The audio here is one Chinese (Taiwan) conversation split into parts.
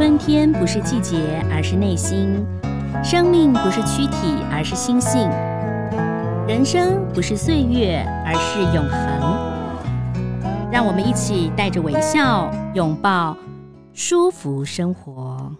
春天不是季節，而是內心；生命不是軀體，而是心性；人生不是歲月，而是永恆。讓我們一起帶着微笑，擁抱蔬福生活。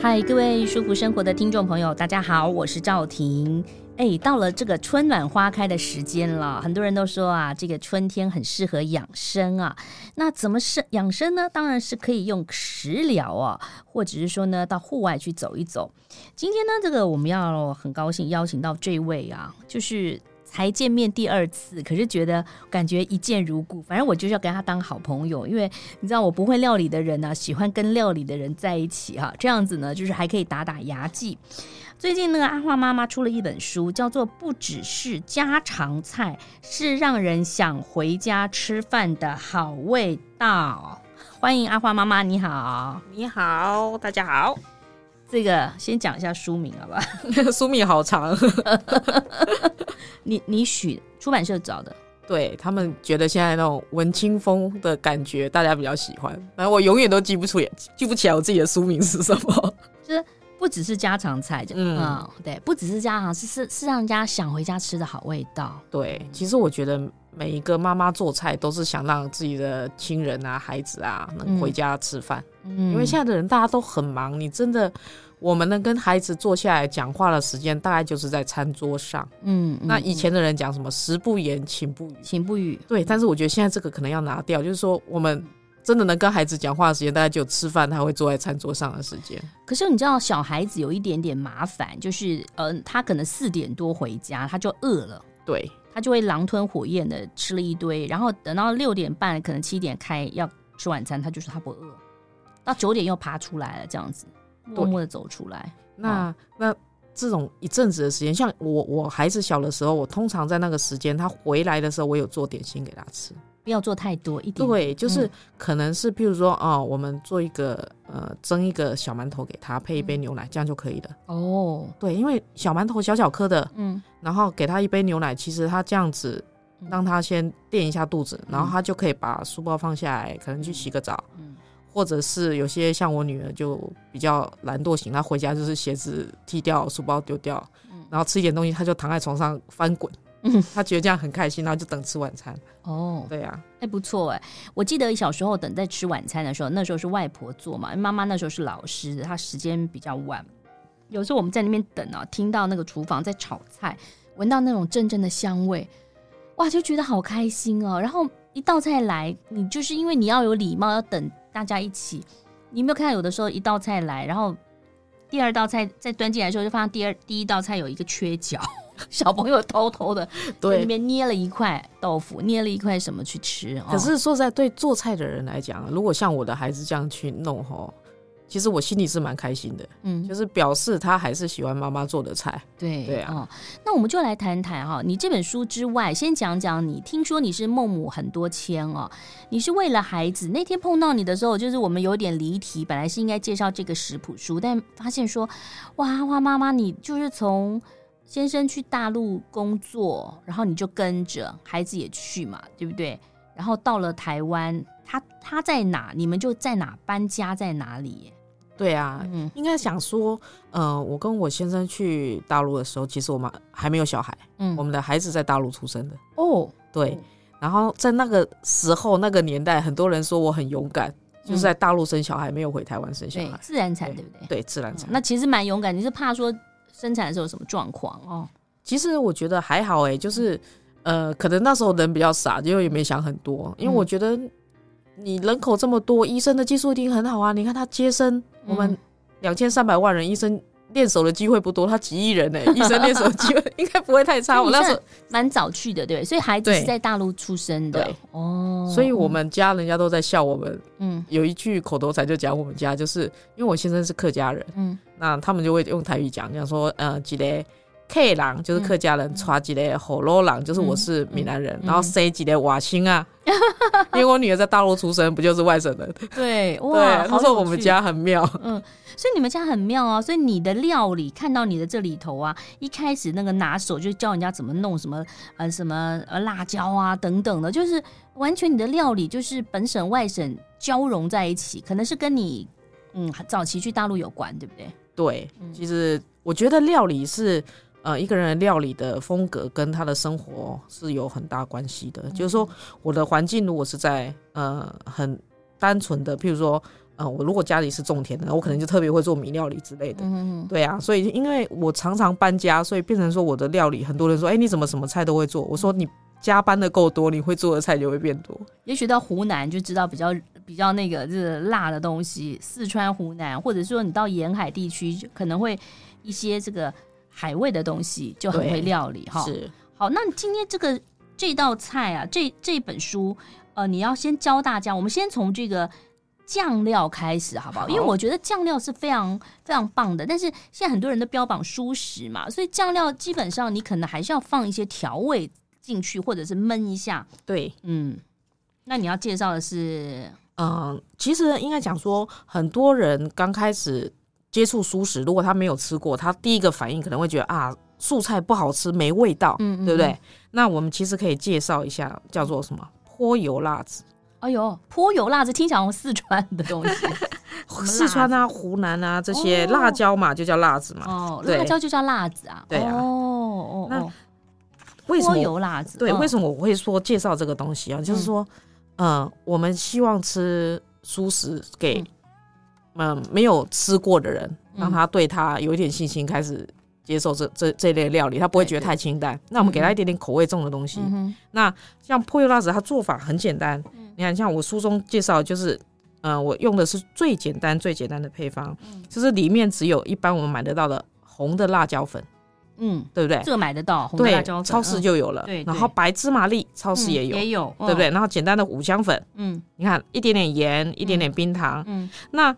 嗨，各位蔬福生活的聽眾朋友，大家好，我是趙婷。誒，到了這個春暖花開的時間了，很多人都說啊，這個春天很適合養生啊。那怎麼是養生呢？當然是可以用食療啊，或者是說呢，到戶外去走一走。今天呢，這個我們要很高興邀請到這位啊，就是才見面第二次，可是覺得感覺一見如故。反正我就是要跟他當好朋友，因為你知道我不會料理的人呢、啊，喜歡跟料理的人在一起哈、啊。這樣子呢，就是還可以打打牙祭。最近那個阿樺媽媽出了一本書，叫做《不只是家常菜》，是讓人想回家吃飯的好味道。歡迎阿樺媽媽，你好，你好，大家好。這個先講一下書名好吧？ 書名好長。 你你許出版社找的？對，他們覺得現在那種文青風的感覺，大家比較喜歡。反正我永遠都記不出來，記不起來我自己的書名是什麼。就 是。不只是家常菜，嗯，嗯對，不只是家常，是是是讓人家想回家吃的好味道。對，其實我覺得每一個媽媽做菜都是想讓自己的親人啊、孩子啊能回家吃飯。嗯，因為現在的人大家都很忙，你真的，我們能跟孩子坐下來講話的時間，大概就是在餐桌上。嗯，嗯，那以前的人講什麼“食不言，寢不語”，寢不語。對，但是我覺得現在這個可能要拿掉，就是說我們。真的能跟孩子講話的時間，大概只有吃飯，他會坐在餐桌上的時間。可是你知道，小孩子有一點點麻煩，就是，嗯、呃，他可能四點多回家，他就餓了，對，他就會狼吞虎嚥的吃了一堆，然後等到六點半、可能七點開要吃晚餐，他就說他不餓，到九點又爬出來了，這樣子默默的走出來。那那。嗯那這種一陣子的時間，像我我孩子小的時候，我通常在那個時間他回來的時候，我有做點心給他吃，不要做太多一點。對，就是可能是譬如說、嗯、哦，我們做一個呃蒸一個小饅頭給他，配一杯牛奶，嗯、這樣就可以了。哦，對，因為小饅頭小小顆的，嗯，然後給他一杯牛奶，其實他這樣子讓他先墊一下肚子，嗯、然後他就可以把書包放下來，可能去洗個澡，嗯。嗯或者是有些像我女兒就比較懶惰型，她回家就是鞋子踢掉，書包丟掉，嗯、然後吃一點東西，她就躺在床上翻滾，嗯、她覺得這樣很開心，然後就等吃晚餐。哦，對呀、啊，哎，不錯哎，我記得小時候等在吃晚餐的時候，那時候是外婆做嘛，因為媽媽那時候是老師，她時間比較晚，有時候我們在那邊等啊、哦，聽到那個廚房在炒菜，聞到那種陣陣的香味，哇，就覺得好開心哦。然後一道菜來，你就是因為你要有禮貌，要等。大家一起，你有沒有看到有的時候一道菜來，然後第二道菜再端進來的時候，就發現第二第一道菜有一個缺角，小朋友偷偷的在裡面捏了一塊豆腐，捏了一塊什麼去吃對、哦、可是說在對做菜的人來講，如果像我的孩子這樣去弄吼其實我心裡是蠻開心的，嗯，就是表示他還是喜歡媽媽做的菜，對對啊、哦。那我們就來談談哈、哦，你這本書之外，先講講你。聽說你是孟母很多遷哦，你是為了孩子。那天碰到你的時候，就是我們有點離題，本來是應該介紹這個食譜書，但發現說，哇，樺媽媽，你就是從先生去大陸工作，然後你就跟着孩子也去嘛，對不對？然後到了台灣，他他在哪，你們就在哪，搬家在哪裡？對啊，嗯，應該想說，呃，我跟我先生去大陸的時候，其實我們還沒有小孩，嗯，我們的孩子在大陸出生的，哦，對，然後在那個時候、那個年代，很多人說我很勇敢，嗯、就是在大陸生小孩，沒有回台灣生小孩，對，自然產，對不對？對，對，自然產、嗯，那其實蠻勇敢。你是怕說生產的時候有什麼狀況哦？其實我覺得還好哎、欸，就是，呃，可能那時候人比較傻，因為也沒想很多，因為我覺得。嗯。你人口這麼多，醫生的技術一定很好啊！你看他接生，嗯、我們兩千三百萬人，醫生練手的機會不多，他幾億人呢、欸， 醫生練手的機會應該不會太差。我那時候蠻早去的，對，所以孩子對是在大陸出生的。對哦，所以我們家人家都在笑我們。嗯，有一句口頭禪就講我們家，就是因為我先生是客家人，嗯，那他們就會用台語講，講說，呃，記得。K 郎就是客家人，爪幾的虎羅郎就是我是閩南人，嗯嗯、然後 C 幾的瓦青啊， 因為我女兒在大陸出生，不就是外省人？對，哇，對好趣那說我們家很妙。嗯，所以你們家很妙啊，所以你的料理看到你的這裡頭啊，一開始那個拿手就教人家怎麼弄什麼呃什麼呃辣椒啊等等的，就是完全你的料理就是本省外省交融在一起，可能是跟你嗯早期去大陸有關，對不對？對，嗯、其實我覺得料理是。呃，一個人的料理的風格跟他的生活是有很大關係的。嗯、就是說，我的環境如果是在呃很單純的，比如說呃我如果家裡是種田的，我可能就特別會做米料理之類的。嗯對啊，所以因為我常常搬家，所以變成說我的料理，很多人說，哎、欸，你怎麼什麼菜都會做？我說你加班的夠多，你會做的菜就會變多。也許到湖南就知道比較比較那個就是辣的東西，四川、湖南，或者說你到沿海地區，可能會一些這個。海味的東西就很會料理哈。是，好，那你今天這個這道菜啊，這這本書，呃，你要先教大家，我們先從這個醬料開始，好不好？好，因為我覺得醬料是非常非常棒的，但是現在很多人都標榜蔬食嘛，所以醬料基本上你可能還是要放一些調味進去，或者是燜一下。對，嗯，那你要介紹的是，嗯，其實應該講說，很多人剛開始。接觸蔬食，如果他沒有吃過，他第一個反應可能會覺得啊，素菜不好吃，沒味道，對不對？那我們其實可以介紹一下叫做什麼潑油辣子。哎呦，潑油辣子，聽起來四川的東西。四川啊，湖南啊，這些辣椒嘛，就叫辣子嘛。辣椒就叫辣子啊。對啊。哦哦，那為什麼油辣子？對，為什麼我會說介紹這個東西啊？就是說，嗯，我們希望吃蔬食給。嗯，沒有吃過的人，讓他對他有一點信心，開始接受這這這類料理，他不會覺得太清淡。那我們給他一點點口味重的東西。那像潑油辣子，它做法很簡單。你看，像我書中介紹，就是嗯，我用的是最簡單、最簡單的配方，就是裡面只有一般我們買得到的紅的辣椒粉，嗯，對不對？這個買得到，紅的辣椒粉，超市就有了。對，然後白芝麻粒，超市也有，也有，對不對？然後簡單的五香粉，嗯，你看一點點鹽，一點點冰糖，嗯，那。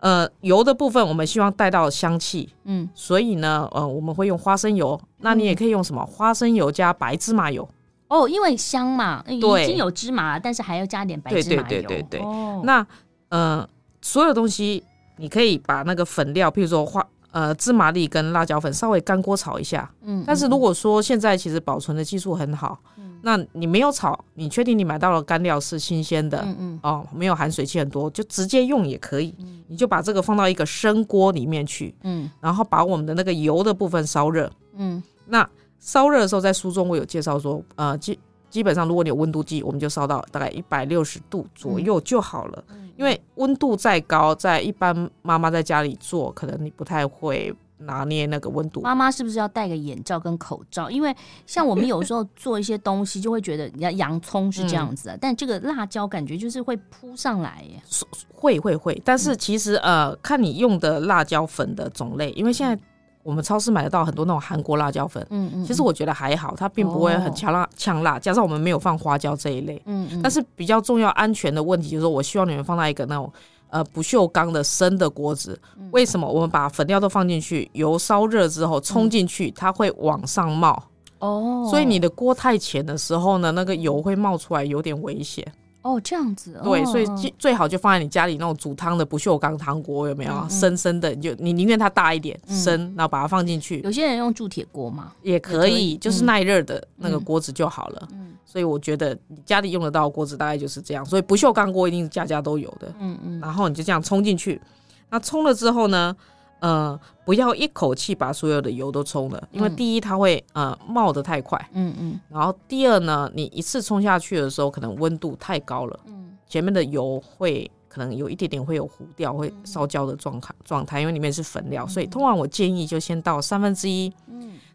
呃，油的部分我們希望帶到香氣，嗯，所以呢，呃，我們會用花生油，那你也可以用什麼？嗯、花生油加白芝麻油哦，因為香嘛，對已經有芝麻，但是還要加點白芝麻油。對，對對對對對。哦、那呃，所有東西你可以把那個粉料，譬如說花呃芝麻粒跟辣椒粉稍微乾鍋炒一下，嗯，嗯，但是如果說現在其實保存的技術很好。那你沒有炒，你確定你買到了乾料是新鮮的？嗯嗯，哦，沒有含水氣很多，就直接用也可以。嗯、你就把這個放到一個深鍋裡面去，嗯，然後把我們的那個油的部分燒熱，嗯，那燒熱的時候，在書中我有介紹說，呃，基基本上如果你有溫度計，我們就燒到大概一百六十度左右就好了，嗯、因為溫度再高，在一般媽媽在家裡做，可能你不太會。拿捏那個溫度，媽媽是不是要戴個眼罩跟口罩？因為像我們有時候做一些東西，就會覺得，人家洋蔥是這樣子的、啊， 嗯、但這個辣椒感覺就是會撲上來耶。會會會，但是其實、嗯、呃，看你用的辣椒粉的種類，因為現在我們超市買得到很多那種韓國辣椒粉，嗯嗯，嗯其實我覺得還好，它並不會很嗆辣。哦、嗆辣。加上我們沒有放花椒這一類，嗯嗯，嗯但是比較重要安全的問題就是，我希望你們放到一個那種。呃，不鏽鋼的深的鍋子，為什麼、嗯、我們把粉料都放進去，油燒熱之後衝進去，嗯、它會往上冒。哦，所以你的鍋太淺的時候呢，那個油會冒出來，有點危險。哦，這樣子，對，哦、所以最好就放在你家裡那種煮湯的不鏽鋼湯鍋，有沒有？嗯、深深的，你就你寧願它大一點，嗯、深，然後把它放進去。有些人用鑄鐵鍋嗎？也可以，可以就是耐熱的那個鍋子就好了。嗯、所以我覺得你家裡用得到的鍋子大概就是這樣。所以不鏽鋼鍋一定是家家都有的。嗯嗯，嗯然後你就這樣衝進去，那衝了之後呢？呃，不要一口氣把所有的油都沖了，因為第一它會、嗯、呃冒得太快，嗯嗯，嗯然後第二呢，你一次沖下去的時候，可能溫度太高了，嗯，前面的油會可能有一點點會有糊掉，會燒焦的狀態、嗯、狀態，因為裡面是粉料，嗯、所以通常我建議就先倒三分之一。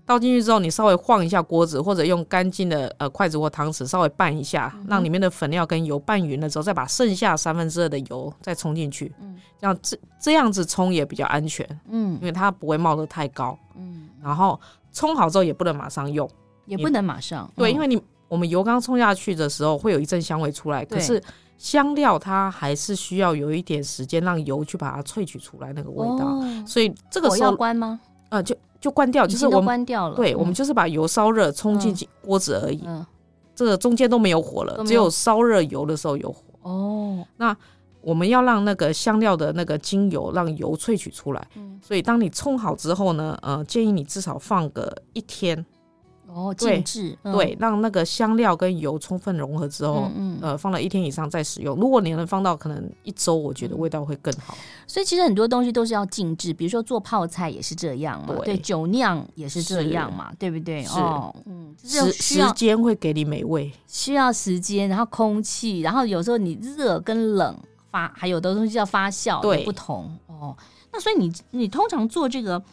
倒進去之後，你稍微晃一下鍋子，或者用乾淨的呃筷子或湯匙稍微拌一下，讓裡面的粉料跟油拌勻了之後，再把剩下三分之二的油再沖進去。嗯，這樣這這樣子沖也比較安全。嗯，因為它不會冒得太高。嗯，然後沖好之後也不能馬上用，也不能馬上。對，因為你我們油剛沖下去的時候會有一陣香味出來，可是香料它還是需要有一點時間讓油去把它萃取出來那個味道，所以這個時候關嗎？呃，就。就關掉，關掉就是我們關掉了。對，嗯、我們就是把油燒熱，沖進去鍋子而已。嗯，嗯這個中間都沒有火了，麼只有燒熱油的時候有火。哦，那我們要讓那個香料的那個精油讓油萃取出來，嗯、所以當你沖好之後呢，呃，建議你至少放個一天。哦，靜置對，讓那個香料跟油充分融合之後，呃，放了一天以上再使用。如果你能放到可能一週，我覺得味道會更好。所以其實很多東西都是要靜置，比如說做泡菜也是這樣嘛，對，酒釀也是這樣嘛，對不對？哦，嗯，是時間會給你美味，需要時間，然後空氣，然後有時候你熱跟冷發，還有的東西叫發酵，對，不同哦。那所以你你通常做這個。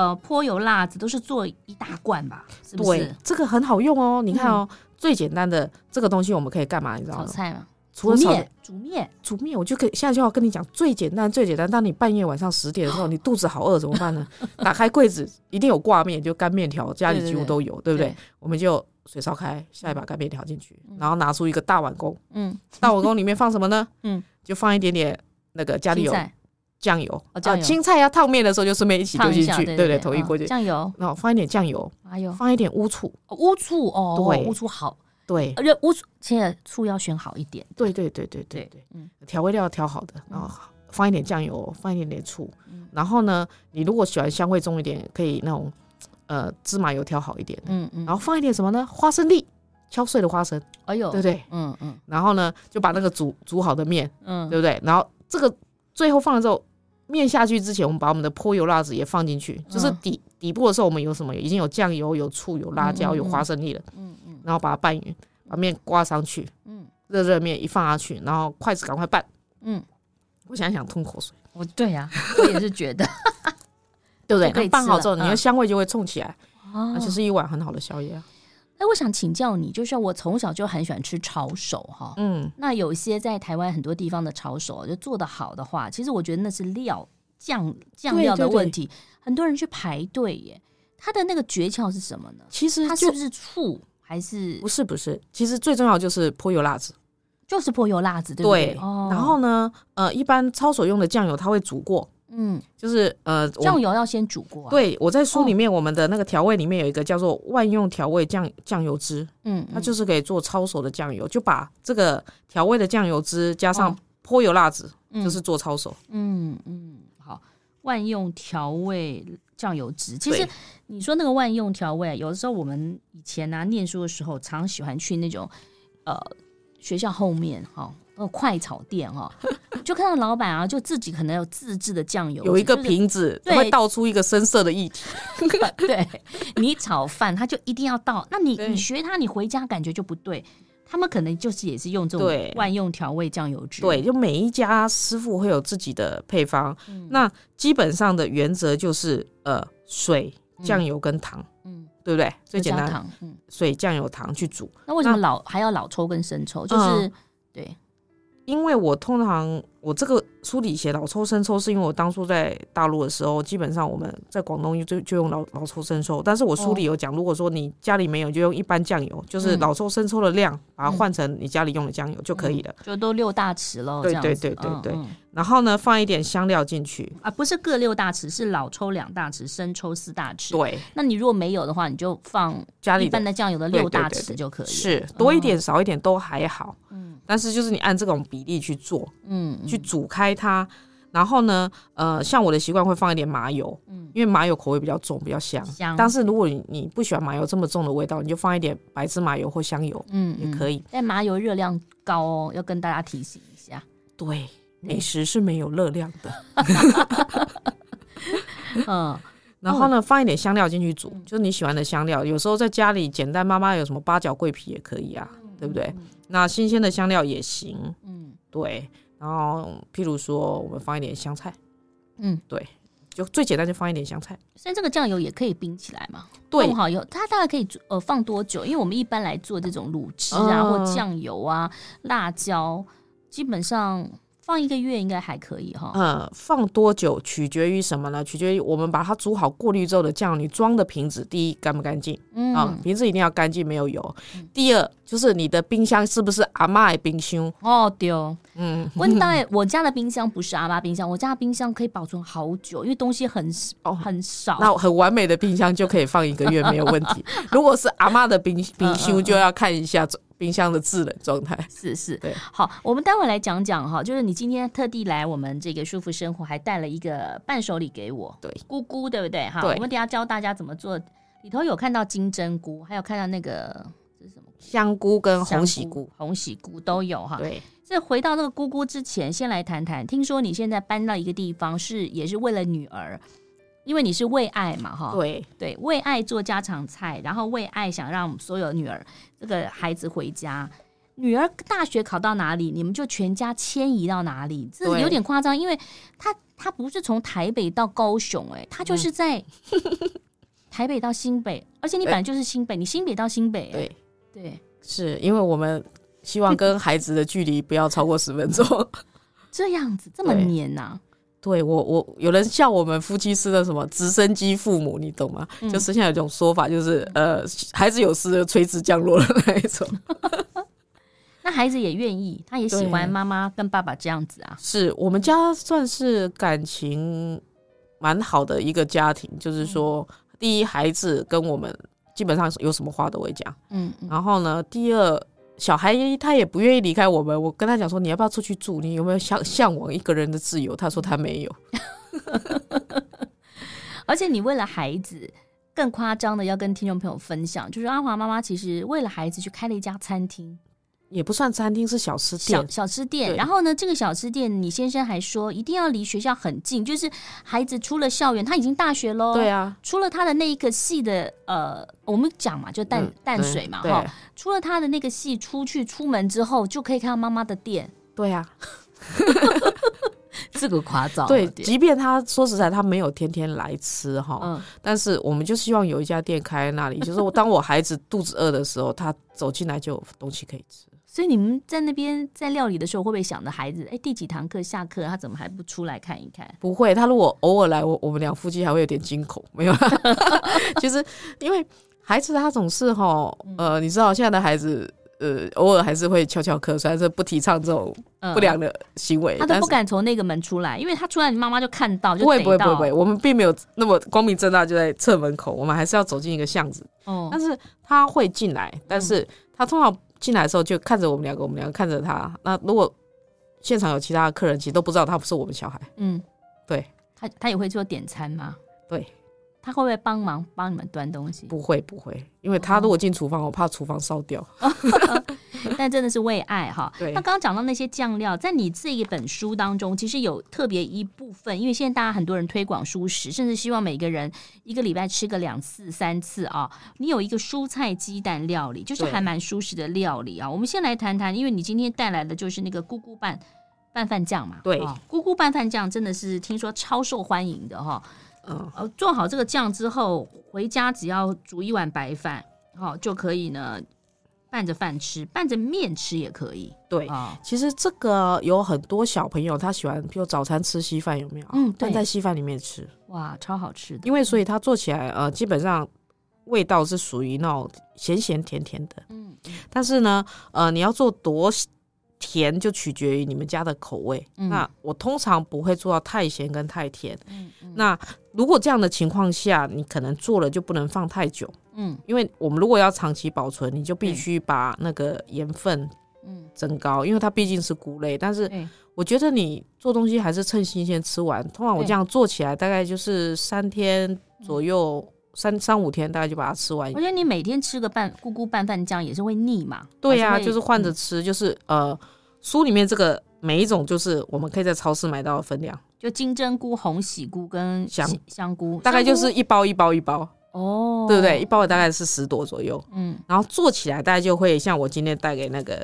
呃，潑油辣子都是做一大罐吧？對，這個很好用哦。你看哦，最簡單的這個東西我們可以幹嘛？你知道嗎？炒菜啊？除了炒，煮麵，煮麵，我就可以現在就要跟你講最簡單、最簡單。當你半夜晚上十點的時候，你肚子好餓怎麼辦呢？打開櫃子，一定有掛麵，就乾麵條，家裡幾乎都有，對不對？我們就水燒開，下一把乾麵條進去，然後拿出一個大碗公，嗯，大碗公裡面放什麼呢？嗯，就放一點點那個家裡有。醬油啊，青菜要燙麵的時候就順便一起丟進去，對對，同一鍋就。醬油，然後放一點醬油，哎呦，放一點烏醋，烏醋哦，對，烏醋好，對，而且烏醋，現在醋要選好一點，對對對對對對，嗯，調味料要調好的，然後放一點醬油，放一點點醋，然後呢，你如果喜歡香味重一點，可以那種呃芝麻油調好一點，嗯嗯，然後放一點什麼呢？花生粒，敲碎的花生，哎呦，對對，嗯嗯，然後呢，就把那個煮煮好的麵，嗯，對不對？然後這個最後放的時候。麵下去之前，我們把我們的潑油辣子也放進去，就是底底部的時候，我們有什麼已經有醬油、有醋、有辣椒、有花生粒了，嗯嗯，然後把它拌勻，把麵掛上去，嗯，熱熱麵一放下去，然後筷子趕快拌，嗯，我想想吞口水，我對呀，我也是覺得，對不對？拌好之後，你的香味就會衝起來，而且是一碗很好的宵夜啊。哎，我想請教你，就是我從小就很喜歡吃抄手哈，嗯，那有一些在台灣很多地方的抄手，就做得好的話，其實我覺得那是料醬醬料的問題，對對對，很多人去排隊耶，他的那個訣竅是什麼呢？其實就它是不是醋還是不是不是？其實最重要就是潑油辣子，就是潑油辣子對不對？對哦，然後呢，呃，一般抄手用的醬油它會煮過。嗯，就是呃，醬油要先煮過，啊。對，我在書裡面，哦，我們的那個調味裡面有一個叫做萬用調味醬醬油汁。嗯，嗯，它就是可以做抄手的醬油，就把這個調味的醬油汁加上潑油辣子，哦嗯，就是做抄手。嗯嗯，好，萬用調味醬油汁。其實你說那個萬用調味，有的時候我們以前啊唸書的時候，常喜歡去那種呃學校後面哈。哦哦，快炒店哦，就看到老闆啊，就自己可能有自制的醬油，有一個瓶子，會倒出一個深色的液體。對，你炒飯，他就一定要倒。那你你學他，你回家感覺就不對。他們可能就是也是用這種萬用調味醬油汁。對，就每一家師傅會有自己的配方。那基本上的原則就是呃，水、醬油跟糖，嗯，對不對？最簡單，糖，嗯，水、醬油、糖去煮。那為什麼老還要老抽跟生抽？就是對。因為我通常我這個書裡寫老抽生抽，是因為我當初在大陸的時候，基本上我們在廣東就就用老老抽生抽。但是我書裡有講，哦、如果說你家裡沒有，就用一般醬油，就是老抽生抽的量，嗯、把它換成你家裡用的醬油就可以了、嗯。就都六大匙了。對對對對對。嗯嗯然後呢，放一點香料進去啊，不是各六大匙，是老抽兩大匙，生抽四大匙。對，那你如果沒有的話，你就放家裡放的醬油的六大匙就可以，是多一點、嗯、少一點都還好。嗯，但是就是你按這種比例去做，嗯，去煮開它。然後呢，呃，像我的習慣會放一點麻油，嗯，因為麻油口味比較重，比較香。香，但是如果你不喜歡麻油這麼重的味道，你就放一點白芝麻油或香油，嗯，嗯，也可以。但麻油熱量高哦，要跟大家提醒一下。對。美食是沒有熱量的，嗯，然後呢，放一點香料進去煮，就是你喜歡的香料。有時候在家裡簡單，媽媽有什麼八角、桂皮也可以啊，嗯、對不對？那新鮮的香料也行，嗯，對。然後，譬如說，我們放一點香菜，嗯，對，就最簡單就放一點香菜。嗯、現在這個醬油也可以冰起來嘛？對，好以後它大概可以呃放多久？因為我們一般來做這種滷汁啊，或醬油啊、辣椒，基本上。放一個月應該還可以哈，嗯。放多久取決於什麼呢？取決於我們把它煮好過濾之後的醬，你裝的瓶子第一，乾不乾淨、嗯、啊？瓶子一定要乾淨，沒有油。第二就是你的冰箱是不是阿嬤的冰箱？哦，對，嗯。問到我家的冰箱不是阿嬤冰箱，我家的冰箱可以保存好久，因為東西很哦很少哦。那很完美的冰箱就可以放一個月 沒有問題。如果是阿嬤的冰冰箱，就要看一下。嗯嗯嗯冰箱的製冷狀態是是，對，好，我們待會來講講哈，就是你今天特地來我們這個蔬福生活，還帶了一個伴手禮給我，對，菇菇對不對？哈對，我們等一下教大家怎麼做，裡頭有看到金針菇，還有看到那個這是什麼香菇跟紅喜菇，菇紅喜菇都有哈，對。在對回到這個菇菇之前，先來談談，聽說你現在搬到一個地方是，是也是為了女兒。因為你是為愛嘛，哈，對對，為愛做家常菜，然後為愛想讓所有女兒這個孩子回家。女兒大學考到哪裡，你們就全家遷移到哪裡，這有點誇張，對因為他他不是從台北到高雄，哎，他就是在、嗯、 台北到新北，而且你本來就是新北，欸、你新北到新北，對對，對，是因為我們希望跟孩子的距離不要超過十分鐘， 這樣子，這麼黏吶、啊。對我，我有人笑我們夫妻是那什麼直升機父母，你懂嗎？嗯、就是現在有一種說法，就是呃，孩子有事就垂直降落的那一種。嗯、 那孩子也願意，他也喜歡媽媽跟爸爸這樣子啊。是我們家算是感情蠻好的一個家庭，嗯、就是說，第一，孩子跟我們基本上有什麼話都會講。嗯，嗯然後呢，第二。小孩他也不願意離開我們。我跟他講說，你要不要出去住？你有沒有向向往一個人的自由？他說他沒有。 而且你為了孩子，更誇張的要跟聽眾朋友分享，就是阿樺媽媽其實為了孩子去開了一家餐廳。也不算餐廳，是小吃店。小、小吃店，對然後呢，這個小吃店，你先生還說一定要離學校很近，就是孩子出了校園，他已經大學嘍，對啊，出了他的那一個系的，呃，我們講嘛，就淡、嗯、淡水嘛，哈、嗯，哦、出了他的那個系出去出門之後，就可以看到媽媽的店。對啊，這個 誇張。對，即便他說實在他沒有天天來吃哈，嗯、但是我們就希望有一家店開在那裡，就是我當我孩子肚子餓的時候， 他走進來就有東西可以吃。所以你們在那邊在料理的時候，會不會想着孩子？哎，第幾堂課下課，他怎麼還不出來看一看？不會，他如果偶爾來，我我們倆夫妻還會有點驚恐。沒有， 其實因為孩子他總是吼、哦，呃，你知道現在的孩子呃，偶爾還是會悄悄翹課，雖然是不提倡這種不良的行為、呃。他都不敢從那個門出來，因為他出來，你媽媽就看到,就到不。不會，不會，不會，我們並沒有那麼光明正大就在側門口，我們還是要走進一個巷子。哦、嗯，但是他會進來，但是他通常、嗯。進來的時候就看着我們兩個，我們兩個看着他。那如果現場有其他的客人，其實都不知道他不是我們小孩。嗯，對。他他也會做點餐嗎？對。他會不會幫忙幫你們端東西？不會不會，因為他如果進廚房，哦、我怕廚房燒掉。 但真的是為愛哈。那剛對剛講到那些醬料，在你這一本書當中，其實有特別一部分，因為現在大家很多人推廣蔬食，甚至希望每個人一個禮拜吃個兩次、三次啊。你有一個蔬菜雞蛋料理，就是還蠻蔬食的料理啊。對我們先來談談，因為你今天帶來的就是那個咕咕拌拌飯醬嘛。對、哦。咕咕拌飯醬真的是聽說超受歡迎的哈、哦。呃，做好這個醬之後，回家只要煮一碗白飯，好、哦、就可以呢。拌着飯吃，拌着麵吃也可以。對，哦、其實這個有很多小朋友他喜歡，比如早餐吃稀飯有沒有？嗯，拌在稀飯裡面吃，哇，超好吃的。因為所以它做起來呃，基本上味道是屬於那種鹹鹹甜甜的。嗯，但是呢，呃，你要做多。甜就取決於你們家的口味，嗯、那我通常不會做到太鹹跟太甜。嗯嗯、那如果這樣的情況下，你可能做了就不能放太久。嗯，因為我們如果要長期保存，你就必須把那個鹽分嗯增高，嗯、因為它畢竟是谷類。但是我覺得你做東西還是趁新鮮吃完。通常我這樣做起來大概就是三天左右。嗯嗯三三五天大概就把它吃完。我覺得你每天吃個拌菇菇拌飯醬也是會膩嘛。對呀、啊，是就是換着吃，就是呃，書裡面這個每一種就是我們可以在超市買到的分量，就金針菇、鴻喜菇跟香香，香菇，大概就是一包一包一包。哦，對不對？一包大概是十朵左右，嗯，然後做起來大概就會像我今天帶給那個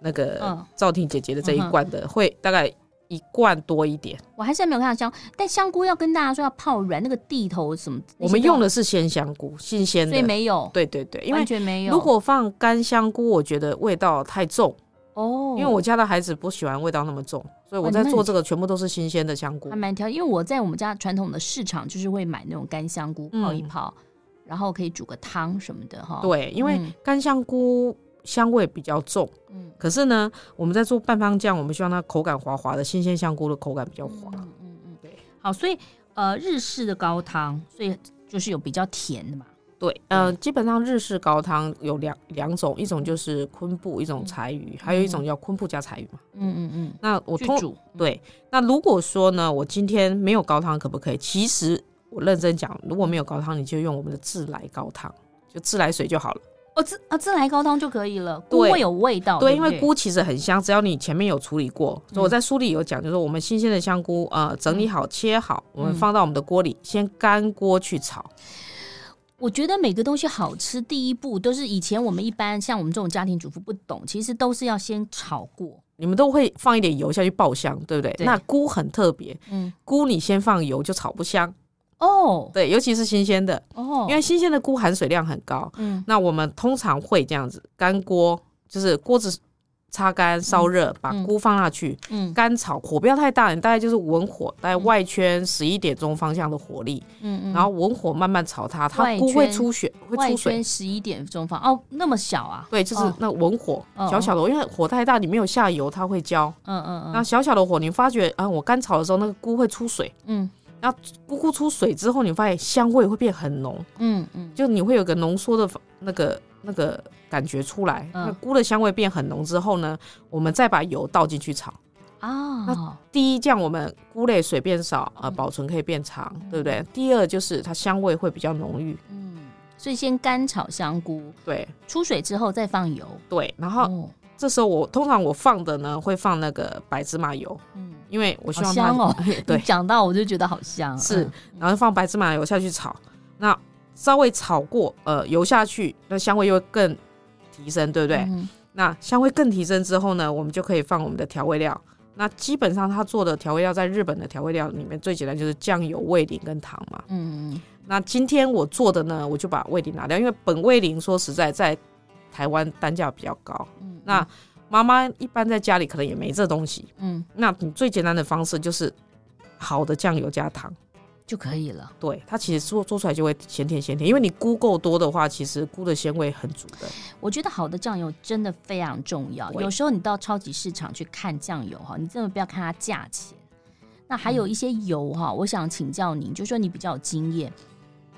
那個趙婷姐姐的這一罐的，嗯、會大概。一罐多一點，我還是沒有看到香。但香菇要跟大家說，要泡軟，那個蒂頭什麼？我們用的是鮮香菇，新鮮的，所以沒有。對對對，因為沒有。如果放乾香菇，我覺得味道太重。哦。因為我家的孩子不喜歡味道那麼重，所以我在做這個全部都是新鮮的香菇。還蠻挑，因為我在我們家傳統的市場就是會買那種乾香菇泡一泡，然後可以煮個湯什麼的哈。對，因為乾香菇。香味比較重，嗯，可是呢，我們在做半方醬，我們希望它口感滑滑的，新鮮香菇的口感比較滑，嗯嗯嗯，對，好，所以呃，日式的高湯，所以就是有比較甜的嘛，對，對呃，基本上日式高湯有兩兩種，一種就是昆布，一種柴魚，嗯、還有一種叫昆布加柴魚嘛，嗯嗯嗯，嗯嗯那我通，煮對，那如果說呢，我今天沒有高湯可不可以？其實我認真講，如果沒有高湯，你就用我們的自來高湯，就自來水就好了。哦，自啊，自來高湯就可以了，菇會有味道。對，對，對，對，因為菇其實很香，只要你前面有處理過。所以我在書裡有講，就是我們新鮮的香菇，啊、呃，整理好切好，我們放到我們的鍋裡，嗯、先乾鍋去炒。我覺得每個東西好吃，第一步都是以前我們一般像我們這種家庭主婦不懂，其實都是要先炒過。你們都會放一點油下去爆香，對不對？對，那菇很特別，嗯，菇你先放油就炒不香。哦，oh, 對，尤其是新鮮的哦，oh, 因為新鮮的菇含水量很高。嗯，那我們通常會這樣子乾鍋，就是鍋子擦乾、燒熱、嗯，把菇放下去，嗯，乾炒，火不要太大，你大概就是文火，在外圈十一點鐘方向的火力，嗯嗯，然後文火慢慢炒它，它菇會出血，會出水。外圈十一點鐘方哦，那麼小啊？對，就是那文火、哦、小小的，因為火太大，你沒有下油，它會焦。嗯,嗯嗯，那小小的火，你發覺啊，我乾炒的時候那個菇會出水，嗯。那菇菇出水之後，你發現香味會變很濃，嗯嗯，嗯，就你會有一個濃縮的那個那個感覺出來。嗯、那菇的香味變很濃之後呢，我們再把油倒進去炒。啊、哦，那第一，這樣我們菇類水變少，呃，保存可以變長，嗯、對不對？第二，就是它香味會比較濃郁。嗯，所以先乾炒香菇，對，出水之後再放油，對，然後這時候我、哦、通常我放的呢會放那個白芝麻油，嗯。因為我希望它、哦，對，講到我就覺得好香，是，然後放白芝麻油下去炒，嗯、那稍微炒過，呃，油下去，那香味又會更提升，對不對？嗯、那香味更提升之後呢，我們就可以放我們的調味料。那基本上他做的調味料，在日本的調味料裡面最簡單就是醬油、味醂跟糖嘛。嗯，那今天我做的呢，我就把味醂拿掉，因為本味醂說實在在台灣單價比較高。嗯，那。媽媽一般在家裡可能也沒這東西，嗯，那你最簡單的方式就是好的醬油加糖就可以了。對，它其實做做出來就會鹹甜鹹甜，因為你菇夠多的話，其實菇的鮮味很足的。我覺得好的醬油真的非常重要，對有時候你到超級市場去看醬油哈，你真的不要看它價錢。那還有一些油哈，嗯，我想請教您，就是說你比較有經驗，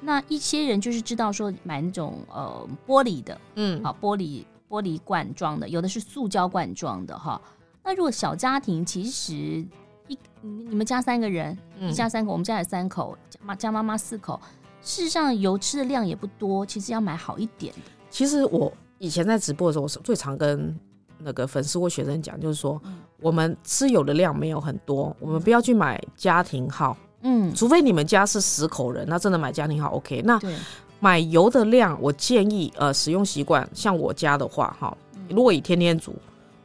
那一些人就是知道說買那種呃玻璃的，嗯，好玻璃。玻璃罐裝的，有的是塑膠罐裝的，哈。那如果小家庭，其實一你們家三個人，一家三口，嗯、我們家有三口，加加媽，媽媽四口，事實上油吃的量也不多，其實要買好一點的。其實我以前在直播的時候，我是最常跟那個粉絲或學生講，就是說、嗯、我們吃油的量沒有很多，我們不要去買家庭號，嗯，除非你們家是十口人，那真的買家庭號 OK 那。那對。買油的量，我建議呃，使用習慣像我家的話，哈，如果你天天煮，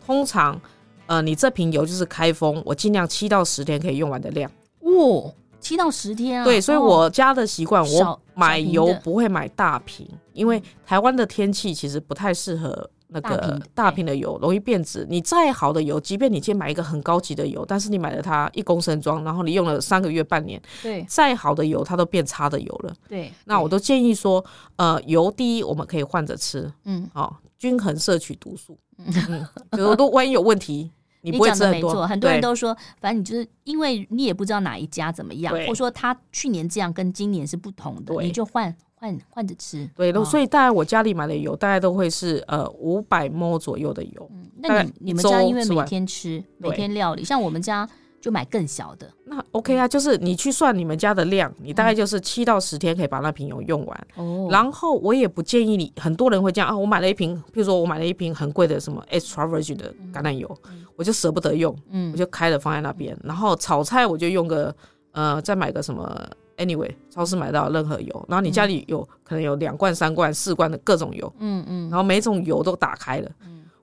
通常呃，你這瓶油就是開封，我盡量七到十天可以用完的量哦，七到十天啊。對，所以我家的習慣，哦、我買油不會買大瓶，小瓶的。因為台灣的天氣其實不太適合。瓶那個大瓶的油容易變質，你再好的油，即便你今天買一個很高級的油，但是你買了它一公升裝，然後你用了三個月半年，對，再好的油它都變差的油了。對，那我都建議說，呃，油第一我們可以換着吃、哦，嗯，嗯，好、哦，均衡攝取毒素，嗯，我都萬一有問題，你不會吃很多。很多人都說，反正你就是因為你也不知道哪一家怎麼樣，對 或者說他去年這樣跟今年是不同的，對 你就換。換換着吃，對的，所以大概我家裡買的油，大概都會是呃五百 ml 左右的油。那你你們家因為每天吃，每天料理，像我們家就買更小的。那 OK 啊，就是你去算你們家的量，你大概就是七到十天可以把那瓶油用完。哦，然後我也不建議你，很多人會這樣啊，我買了一瓶，譬如說我買了一瓶很貴的什麼 Extra Virgin 的橄欖油，我就捨不得用，嗯，我就開了放在那邊，然後炒菜我就用個呃再買個什麼。Anyway，超市買到任何油，然後你家裡有可能有兩罐、三罐、四罐的各種油，嗯嗯，然後每種油都打開了，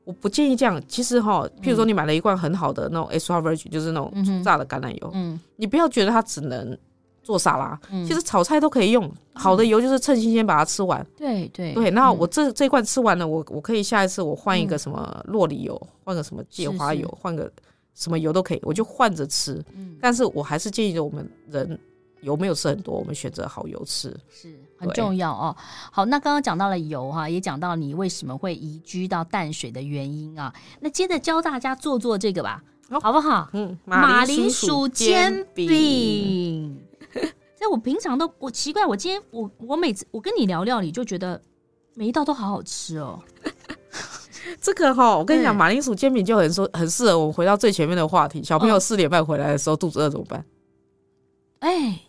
我不建議這樣。其實哈，譬如說你買了一罐很好的那種 Extra Virgin，就是那種炸的橄欖油，嗯，你不要覺得它只能做沙拉，其實炒菜都可以用。好的油就是趁新鮮把它吃完，對對對。那我這這罐吃完了，我我可以下一次我換一個什麼酪梨油，換個什麼芥花油，換個什麼油都可以，我就換着吃。但是我還是建議着我們人。油沒有吃很多，嗯、我們選擇好油吃是很重要對哦。好，那剛剛講到了油哈，也講到你為什麼會移居到淡水的原因啊。那接着教大家做做這個吧，哦、好不好？嗯，馬鈴薯煎餅。所以 我平常都我奇怪，我今天我我每次我跟你聊聊，你就覺得每一道都好好吃哦。 這個哈、哦，我跟你講，馬鈴薯煎餅就很說很適合。我們回到最前面的話題，小朋友四點半回來的時候肚子餓怎麼辦？哦、哎。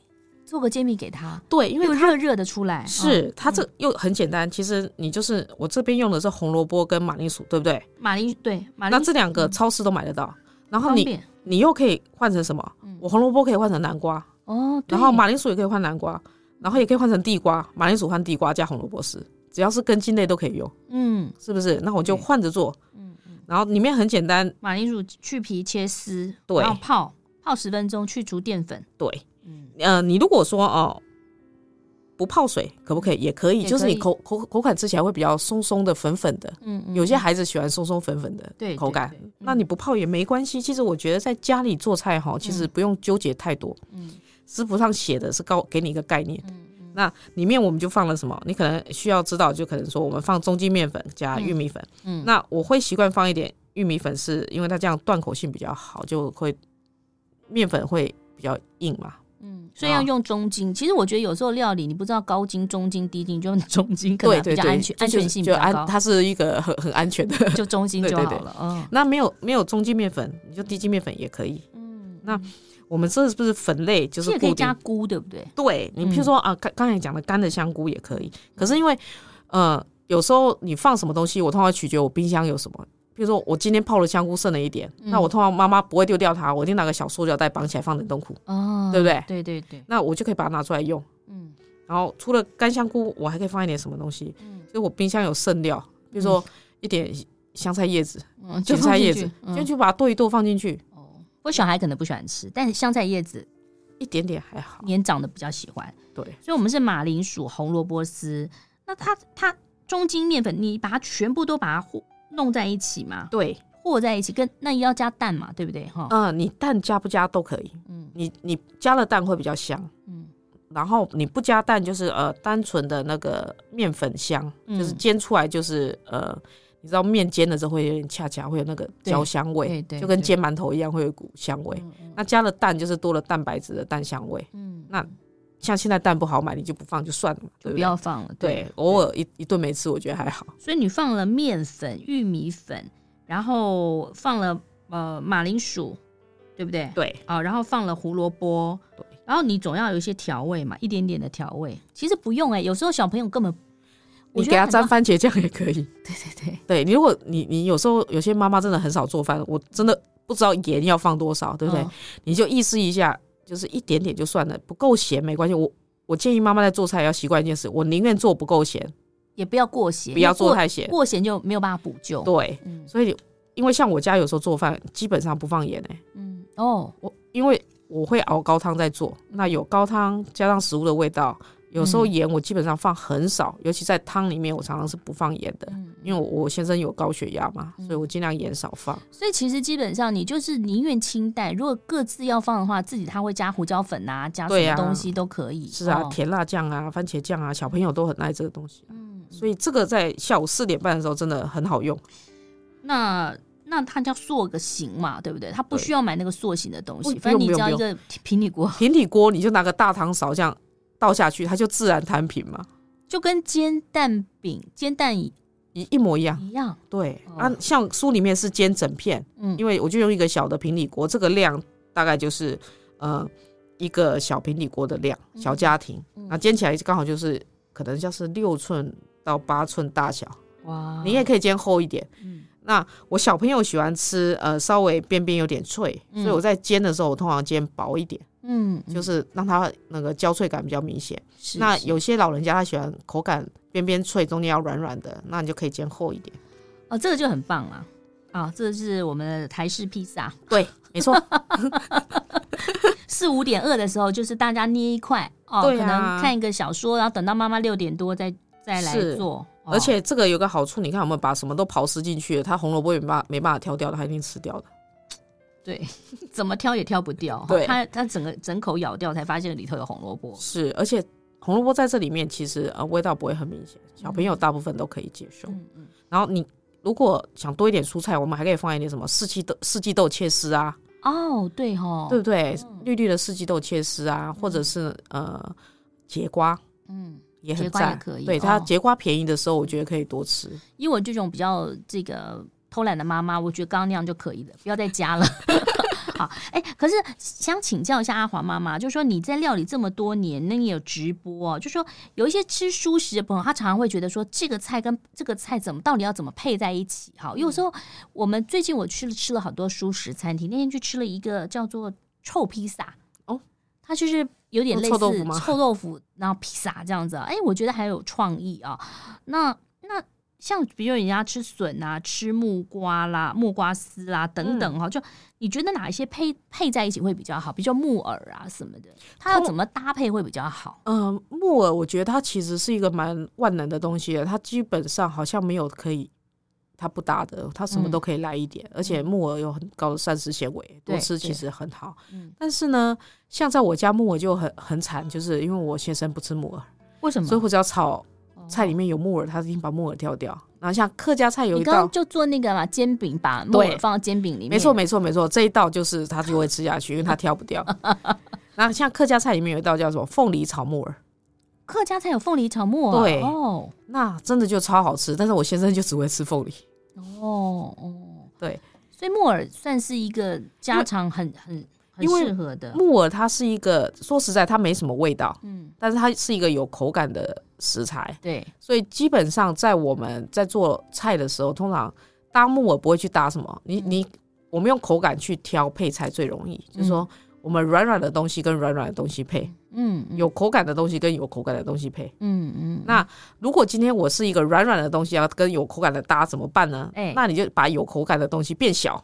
做個煎餅給他，對，因為熱熱的出來，是他這又很簡單。其實你就是我這邊用的是紅蘿蔔跟馬鈴薯，對不對？馬鈴，對，馬鈴薯，那這兩個超市都買得到。然後你你又可以換成什麼？我紅蘿蔔可以換成南瓜哦，對，然後馬鈴薯也可以換南瓜，然後也可以換成地瓜，馬鈴薯換地瓜加紅蘿蔔絲，只要是根莖類都可以用。嗯，是不是？那我就換着做。嗯然後裡面很簡單，馬鈴薯去皮切絲，對。然後泡泡十分鐘去除澱粉。對。嗯，呃，你如果說哦，不泡水可不可以？也可以，可以就是你口口口感吃起來會比較鬆鬆的、粉粉的。嗯，嗯有些孩子喜歡鬆鬆粉粉的口感。對對對嗯、那你不泡也沒關係。其實我覺得在家裡做菜哈、哦，其實不用糾結太多。嗯、食、嗯、譜上寫的是高，給你一個概念。嗯嗯、那裡面我們就放了什麼？你可能需要知道，就可能說我們放中筋麵粉加玉米粉。嗯，嗯那我會習慣放一點玉米粉是，是因為它這樣斷口性比較好，就會麵粉會比較硬嘛。嗯，所以要用中筋。哦、其實我覺得有時候料理，你不知道高筋、中筋、低筋，就用中筋可能比較安全，安全性比較高。它是一個很很安全的，就中筋就好了。嗯，哦、那沒有沒有中筋麵粉，你就低筋麵粉也可以。嗯，那我們這是不是粉類？就是可以加菇，對不對？對，你譬如說啊，剛剛才講的乾的香菇也可以。嗯、可是因為，呃，有時候你放什麼東西，我通常取決於我冰箱有什麼。比如說我今天泡了香菇剩了一點，那我通常媽媽不會丟掉它，我一定拿個小塑膠袋綁起來放冷凍庫，對不對？對對對。那我就可以把它拿出來用。嗯。然後除了乾香菇，我還可以放一點什麼東西？嗯。就我冰箱有剩料，比如說一點香菜葉子、芹菜葉子，就去把它剁一剁放進去。哦。我小孩可能不喜歡吃，但香菜葉子一點點還好，年長的比較喜歡。對。所以，我們是馬鈴薯、紅蘿蔔絲，那它它中筋麵粉，你把它全部都把它。弄在一起嘛，對，和在一起，跟那也要加蛋嘛，對不對哈？嗯、哦呃，你蛋加不加都可以。嗯，你你加了蛋會比較香。嗯，然後你不加蛋就是呃單純的那個麵粉香，嗯、就是煎出來就是呃，你知道麵煎的時候會有點恰恰會有那個焦香味，對對，對對對對就跟煎饅頭一樣會有股香味。嗯嗯、那加了蛋就是多了蛋白質的蛋香味。嗯，那。像現在蛋不好買，你就不放就算了嘛，就不要放了。對，對，對對偶爾一對一頓沒吃，我覺得還好。所以你放了麵粉、玉米粉，然後放了呃馬鈴薯，對不對？對。啊、哦，然後放了胡蘿蔔。對。然後你總要有一些調味嘛，一點點的調味。其實不用哎、欸，有時候小朋友根本，你給他沾番茄醬也可以。對對對。對你，你，如果你你有時候有些媽媽真的很少做飯，我真的不知道鹽要放多少，對不對？哦、你就意思一下。就是一點點就算了，不夠鹹沒關係。我我建議媽媽在做菜要習慣一件事，我寧願做不夠鹹，也不要過鹹，不要做太鹹，過鹹就沒有辦法補救。對，嗯，所以因為像我家有時候做飯基本上不放鹽誒。嗯，哦，我因為我會熬高湯再做，那有高湯加上食物的味道。有時候鹽我基本上放很少，嗯、尤其在湯裡面，我常常是不放鹽的，嗯、因為我，我先生有高血壓嘛，嗯、所以我盡量鹽少放。所以其實基本上你就是寧願清淡。如果各自要放的話，自己他會加胡椒粉啊，加什麼東西都可以。對啊，是啊，甜辣醬啊，哦、番茄醬啊，小朋友都很愛這個東西。嗯，所以這個在下午四點半的時候真的很好用。那那他叫塑個形嘛，對不對？他不需要買那個塑形的東西，反正對你只要一個平底鍋，平底鍋你就拿個大湯勺這樣倒下去，它就自然攤平嘛，就跟煎蛋餅、煎蛋一一模一樣，一樣。對，哦、啊，像書裡面是煎整片，嗯，因為我就用一個小的平底鍋，這個量大概就是呃一個小平底鍋的量，小家庭，嗯嗯、那煎起來剛好就是可能像是六寸到八寸大小。哇！你也可以煎厚一點，嗯。那我小朋友喜歡吃，呃，稍微邊邊有點脆，所以我在煎的時候，我通常煎薄一點。嗯嗯，就是讓它那個焦脆感比較明顯。是，是，那有些老人家他喜歡口感邊邊脆，中間要軟軟的，那你就可以煎厚一點。哦，這個就很棒了。啊、哦，這是我們的台式披薩。對，沒錯。四五 點餓的時候，就是大家捏一塊，哦，對啊、可能看一個小說，然後等到媽媽六點多再再來做。是哦、而且這個有個好處，你看我們把什麼都刨絲進去了，它紅蘿蔔也沒辦沒辦法挑掉的，它一定吃掉的。對，怎麼挑也挑不掉。 對、哦他，他整個整口咬掉，才發現裡頭有紅蘿蔔。是，而且紅蘿蔔在這裡面其實呃味道不會很明顯，小朋友大部分都可以接受。嗯嗯。然後你如果想多一點蔬菜，我們還可以放一點什麼四季豆、四季豆切絲啊。哦，對哦對不對？哦、綠綠的四季豆切絲啊，或者是呃，節瓜。嗯，也很讚，可以。對、哦、它節瓜便宜的時候，我覺得可以多吃。因為我這種比較這個。偷懶的媽媽，我覺得剛剛那樣就可以了，不要再加了。 好，哎，可是想請教一下阿樺媽媽，就是說你在料理這麼多年，那你有直播哦？就說有一些吃蔬食的朋友，他常常會覺得說這個菜跟這個菜怎麼到底要怎麼配在一起？哈，有時候、嗯、我們最近我去了吃了好多蔬食餐廳，那天去吃了一個叫做臭披薩哦，它就是有點類似臭豆腐，然後披薩這樣子。哎，我覺得還有創意啊、哦。那。像比如人家吃筍啊，吃木瓜啦、木瓜絲啊等等哈，嗯、就你覺得哪一些配配在一起會比較好？比如說木耳啊什麼的，它要怎麼搭配會比較好？嗯、呃，木耳我覺得它其實是一個蠻萬能的東西的，它基本上好像沒有可以它不搭的，它什麼都可以來一點。嗯、而且木耳有很高的膳食纖維，多吃其實很好。嗯，但是呢，像在我家木耳就很很慘，嗯、就是因為我先生不吃木耳，為什麼？所以我只要炒。菜裡面有木耳，他已經把木耳挑掉，然後像客家菜有一道，你剛剛就做那個嘛煎餅，把木耳放到煎餅裡面。沒錯，沒錯，沒錯，這一道就是他就會吃下去， 因為他挑不掉。 然後像客家菜裡面有一道叫什麼？鳳梨炒木耳，客家菜有鳳梨炒木耳，對哦，那真的就超好吃。但是我先生就只會吃鳳梨，哦哦，哦對，所以木耳算是一個家常很那很。合的，因為木耳，它是一個說實在，它沒什麼味道。嗯，但是它是一個有口感的食材，對，所以基本上在我們在做菜的時候，通常搭木耳不會去搭什麼，你、嗯、你我們用口感去挑配菜最容易，嗯、就是說我們軟軟的東西跟軟軟的東西配，嗯，嗯嗯，有口感的東西跟有口感的東西配，嗯嗯，嗯嗯，那如果今天我是一個軟軟的東西要跟有口感的搭怎麼辦呢？哎、那你就把有口感的東西變小，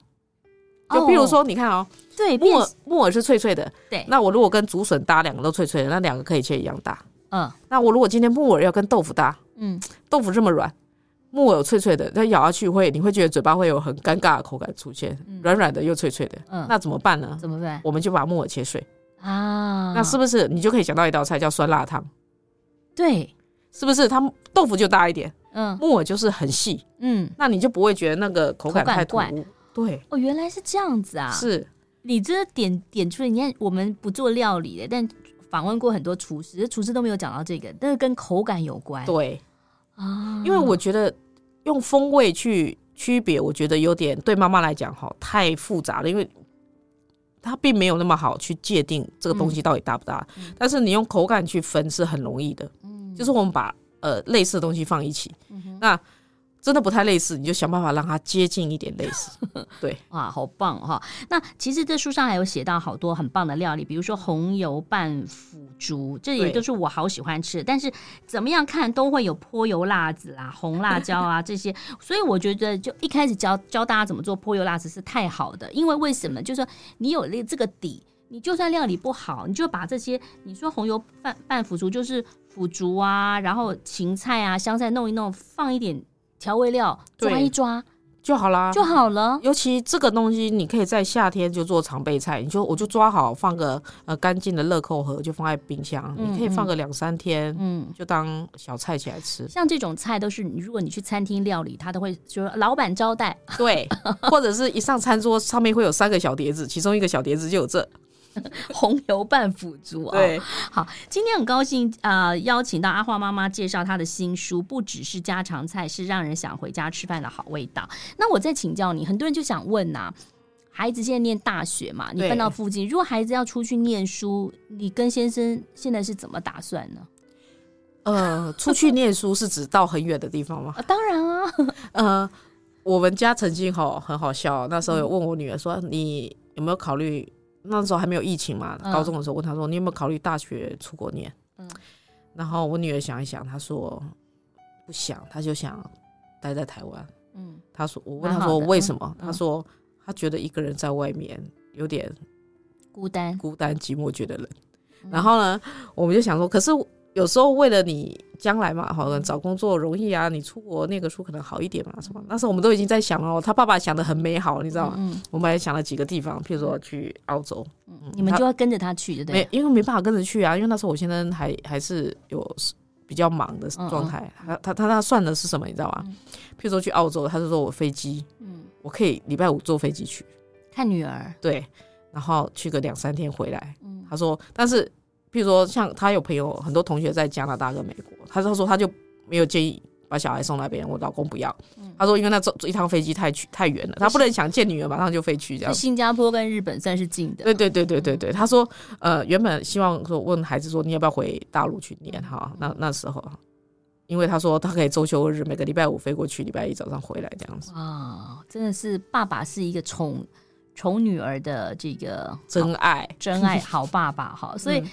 就比如說你看哦。哦對，木耳木耳是脆脆的。對，那我如果跟竹筍搭，兩個都脆脆的，那兩個可以切一樣大。嗯，那我如果今天木耳要跟豆腐搭，嗯，豆腐這麼軟，木耳脆脆的，它咬下去會，你會覺得嘴巴會有很尷尬的口感出現，軟軟的又脆脆的。嗯，那怎麼辦呢？怎麼辦？我們就把木耳切碎啊。那是不是你就可以想到一道菜叫酸辣湯？對，是不是？它豆腐就大一點，嗯，木耳就是很細，嗯，那你就不會覺得那個口感太突兀。對，哦，原來是這樣子啊。是。你這點點出來，你看我們不做料理的，但訪問過很多廚師，廚師都沒有講到這個，但是跟口感有關。對，啊、哦，因為我覺得用風味去區別，我覺得有點對媽媽來講太複雜了，因為它並沒有那麼好去界定這個東西到底搭不搭，嗯、但是你用口感去分是很容易的，嗯，就是我們把呃類似的東西放一起，嗯、哼那。真的不太類似，你就想辦法讓它接近一點類似。對，哇，好棒哈、哦！那其實這書上還有寫到好多很棒的料理，比如說紅油拌腐竹，這也就是我好喜歡吃。對但是怎麼樣看都會有潑油辣子啦、啊、紅辣椒啊 這些，所以我覺得就一開始教教大家怎麼做潑油辣子是太好的，因為為什麼？就是你有這這個底，你就算料理不好，你就把這些，你說紅油拌拌腐竹，就是腐竹啊，然後芹菜啊、香菜弄一弄，放一點。調味料抓一抓就好啦，就好了。尤其這個東西，你可以在夏天就做常備菜，你就我就抓好，放個呃乾淨的樂扣盒，就放在冰箱。嗯嗯，你可以放個兩三天，嗯，就當小菜起來吃。像這種菜都是，如果你去餐廳料理，他都會就是老闆招待，對， 或者是一上餐桌上面會有三個小碟子，其中一個小碟子就有這。 紅油拌腐竹啊！好，今天很高興啊、呃，邀請到阿樺媽媽介紹她的新書，不只是家常菜，是讓人想回家吃飯的好味道。那我再請教你，很多人就想問吶、啊，孩子現在念大學嘛？你搬到附近，對如果孩子要出去念書，你跟先生現在是怎麼打算呢？呃，出去念書是指到很遠的地方嗎？ 呃、當然啊，呃，我們家曾經好很好笑，那時候有問我女兒說，嗯、你有沒有考慮？那時候還沒有疫情嘛，高中的時候問他說：“嗯、你有沒有考慮大學出國念？”嗯、然後我女兒想一想，她說：“不想。”她就想待在台灣。嗯，她說：“我問她說為什麼？”嗯嗯、她說：“她覺得一個人在外面有點孤單，孤單寂寞，覺得冷。”然後呢，我們就想說：“可是。”有時候為了你將來嘛，好找工作容易啊，你出國那個出可能好一點嘛、啊，什麼？那時候我們都已經在想了、哦，他爸爸想得很美好，你知道嗎？嗯、我們還想了幾個地方，譬如說去澳洲，嗯嗯、你們就要跟着他去就對，對不對？因為沒辦法跟着去啊，因為那時候我先生還還是有比較忙的狀態、嗯嗯。他他他他算的是什麼，你知道嗎？嗯、譬如說去澳洲，他就說我飛機，嗯，我可以禮拜五坐飛機去看女兒，對，然後去個兩三天回來。嗯、他說，但是。比如說，像他有朋友，很多同學在加拿大跟美國，他他說他就沒有建議把小孩送那邊。我老公不要，嗯、他說，因為那坐坐一趟飛機太去太遠了，他不能想見女兒馬上就飛去這樣。是新加坡跟日本算是近的。對對對對對對，他說呃原本希望說問孩子說，你要不要回大陸去念，嗯、哈？那那時候，因為他說他可以周休日每個禮拜五飛過去，禮拜一早上回來這樣子。啊，真的是爸爸是一個寵寵女兒的這個真愛真愛好爸爸哈，所以、嗯。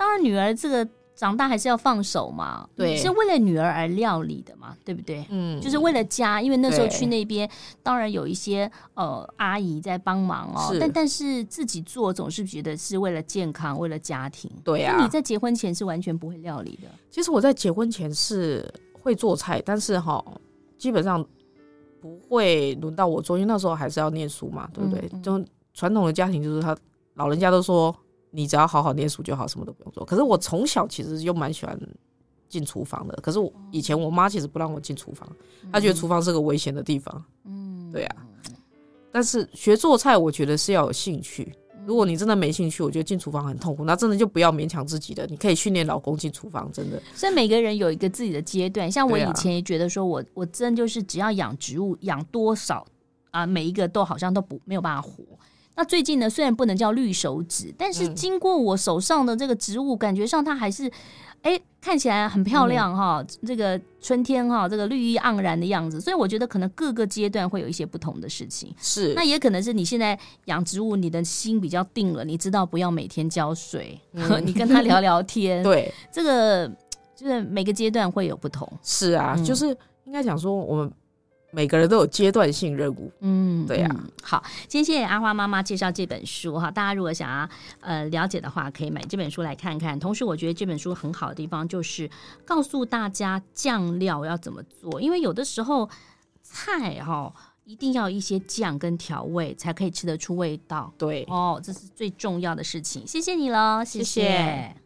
當然，女兒這個長大還是要放手嘛。對、嗯，是為了女兒而料理的嘛，對不對？嗯，就是為了家。因為那時候去那邊，對當然有一些呃阿姨在幫忙哦。是但但是自己做總是覺得是為了健康，為了家庭。對呀、啊。那你在結婚前是完全不會料理的？其實我在結婚前是會做菜，但是哈、哦，基本上不會輪到我做，因為那時候還是要念書嘛，對不對？嗯嗯、就傳統的家庭，就是他老人家都說。你只要好好念書就好，什麼都不用做。可是我從小其實又蠻喜歡進廚房的。可是我以前我媽其實不讓我進廚房，她覺得廚房是個危險的地方。嗯，對啊。但是學做菜，我覺得是要有興趣。如果你真的沒興趣，我覺得進廚房很痛苦，那真的就不要勉強自己的。你可以訓練老公進廚房，真的。所以每個人有一個自己的階段。像我以前也覺得，說我我真就是只要養植物，養多少啊，每一個都好像都不沒有辦法活。那最近呢，雖然不能叫綠手指，但是經過我手上的這個植物，嗯、感覺上它還是，哎、欸，看起來很漂亮哈、嗯。這個春天哈，這個綠意盎然的樣子，所以我覺得可能各個階段會有一些不同的事情。是，那也可能是你現在養植物，你的心比較定了，你知道不要每天澆水、嗯，你跟他聊聊天。 對，這個就是每個階段會有不同。是啊，嗯、就是應該講說我們。每個人都有階段性任務，嗯，對呀、啊嗯。好，先謝謝阿樺媽媽介紹這本書哈，大家如果想要呃了解的話，可以買這本書來看看。同時，我覺得這本書很好的地方就是告訴大家醬料要怎麼做，因為有的時候菜哈、哦、一定要一些醬跟調味才可以吃得出味道，對，哦，這是最重要的事情。謝謝你咯，謝謝。謝謝。